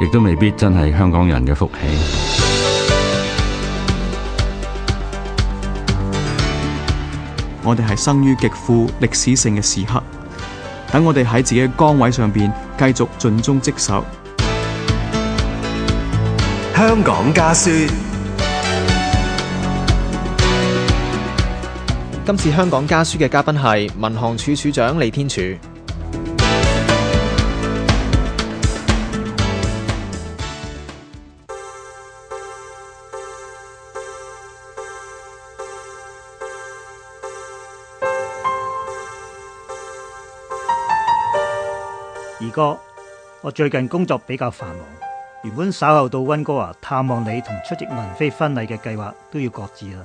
亦都未必真係香港人嘅福氣。我哋係生於極富歷史性嘅時刻，等我哋喺自己嘅崗位上邊繼續盡忠職守。香港家書， 今次香港家書嘅嘉賓係民航處處長李天柱。哥，我最近工作比較繁忙，原本稍後到溫哥華探望你同出席文飛婚禮嘅計劃都要擱置啦。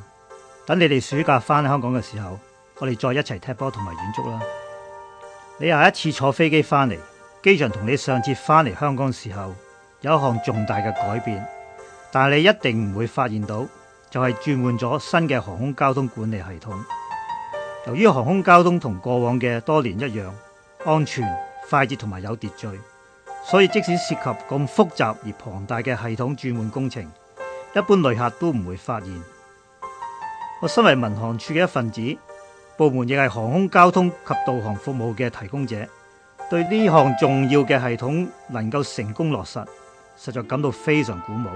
等你哋暑假翻香港嘅時候，我哋再一齊踢波同埋遠足啦。你下一次坐飛機翻嚟，機場同你上次翻嚟香港嘅時候，有一項重大嘅改變，但係你一定唔會發現到，就係轉換咗新嘅航空交通管理系統。由於航空交通同過往嘅多年一樣安全、快捷同埋有秩序，所以即使涉及咁複雜而龐大嘅系統轉換工程，一般旅客都唔會發現。我身為民航處嘅一份子，部門亦係航空交通及導航服務嘅提供者，對呢項重要嘅系統能夠成功落實，實在感到非常鼓舞。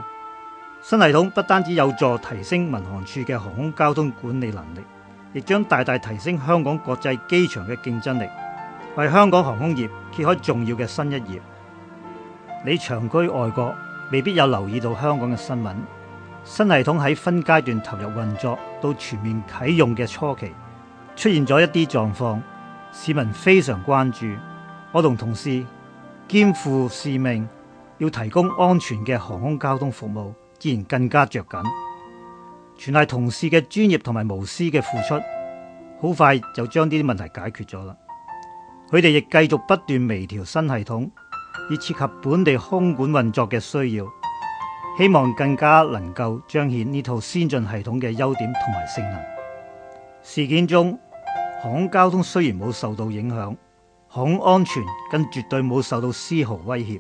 新系統不單止有助提升民航處嘅航空交通管理能力，亦將大大提升香港國際機場嘅競爭力。為香港航空業揭開重要嘅新一頁。你長居外國，未必有留意到香港嘅新聞。新系統喺分階段投入運作，到全面啟用嘅初期，出現咗一啲狀況，市民非常關注。我同同事肩負使命，要提供安全嘅航空交通服務，自然更加着緊。全係同事嘅專業同埋無私嘅付出，好快就將呢啲問題解決咗啦。佢哋亦繼續不斷微調新系統，以切合本地空管運作嘅需要，希望更加能夠彰顯呢套先進系統嘅優點同埋性能。事件中，航空交通雖然冇受到影響，航空安全更絕對冇受到絲毫威脅。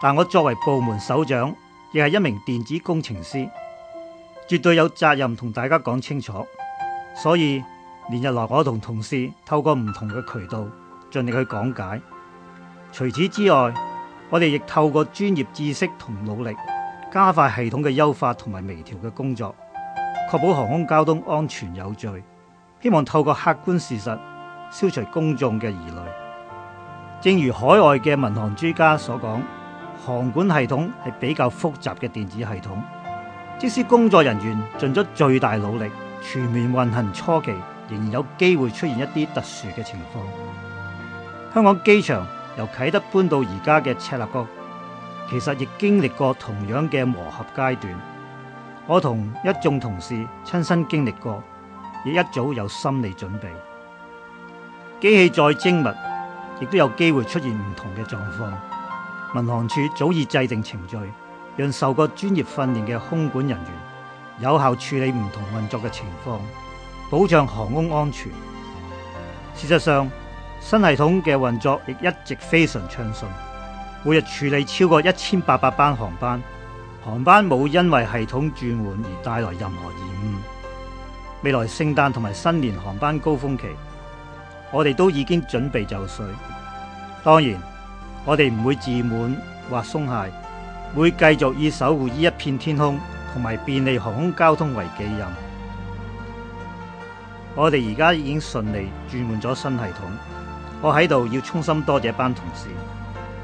但我作為部門首長，亦係一名電子工程師，絕對有責任同大家講清楚。所以連日來，我同同事透過唔同嘅渠道，盡力去講解。除此之外，我哋亦透過專業知識同努力，加快系統嘅優化同埋微調嘅工作，確保航空交通安全有序。希望透過客觀事實消除公眾嘅疑慮。正如海外嘅民航專家所講，航管系統係比較複雜嘅電子系統，即使工作人員盡咗最大努力，全面運行初期，仍然有機會出現一啲特殊嘅情況。香港機場由啟德搬到而家嘅赤鱲角，其實亦經歷過同樣嘅磨合階段。我同一眾同事親身經歷過，亦一早有心理準備。機器再精密，亦都有機會出現唔同嘅狀況。民航處早已制定程序，讓受過專業訓練嘅空管人員有效處理唔同運作嘅情況，保障航空安全。事實上，新系統嘅運作亦一直非常暢順，每日處理超過一千八百班航班，航班冇因為系統轉換而帶來任何延誤。未來聖誕同埋新年航班高峰期，我哋都已經準備就緒。當然，我哋唔會自滿或鬆懈，會繼續以守護呢一片天空同埋便利航空交通為己任。我哋而家已經順利轉換咗新系統。我喺度要衷心多謝一班同事，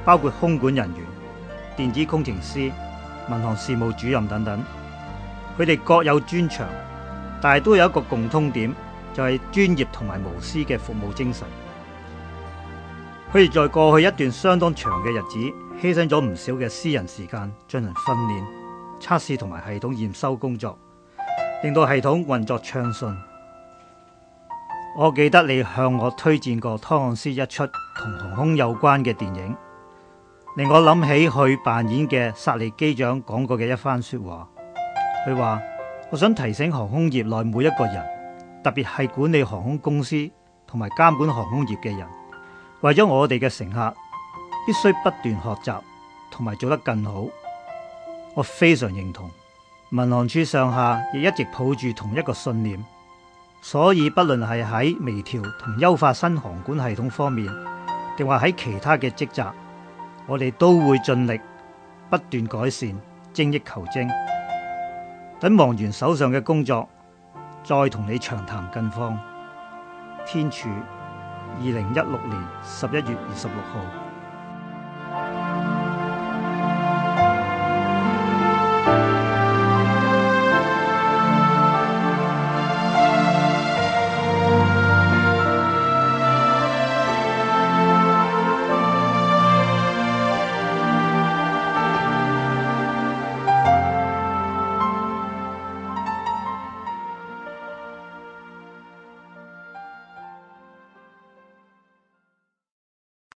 包括空管人員、電子工程師、民航事務主任等等，佢哋各有專長，但係都有一個共通點，就係專業同埋無私嘅服務精神。佢哋在過去一段相當長嘅日子，犧牲咗唔少嘅私人時間，進行訓練、測試同埋系統驗收工作，令到系統運作暢順。我記得你向我推薦過湯漢斯一出同航空有關嘅電影，令我諗起佢扮演嘅薩利機長講過嘅一番説話。佢話：我想提醒航空業內每一個人，特別係管理航空公司同埋監管航空業嘅人，為咗我哋嘅乘客，必須不斷學習同埋做得更好。我非常認同，民航處上下亦一直抱住同一個信念。所以不論係喺微調同優化新航管系統方面，定話喺其他嘅職責，我哋都會盡力不斷改善，精益求精。等忙完手上嘅工作，再同你長談近況。天柱，二零一六年十一月二十六號。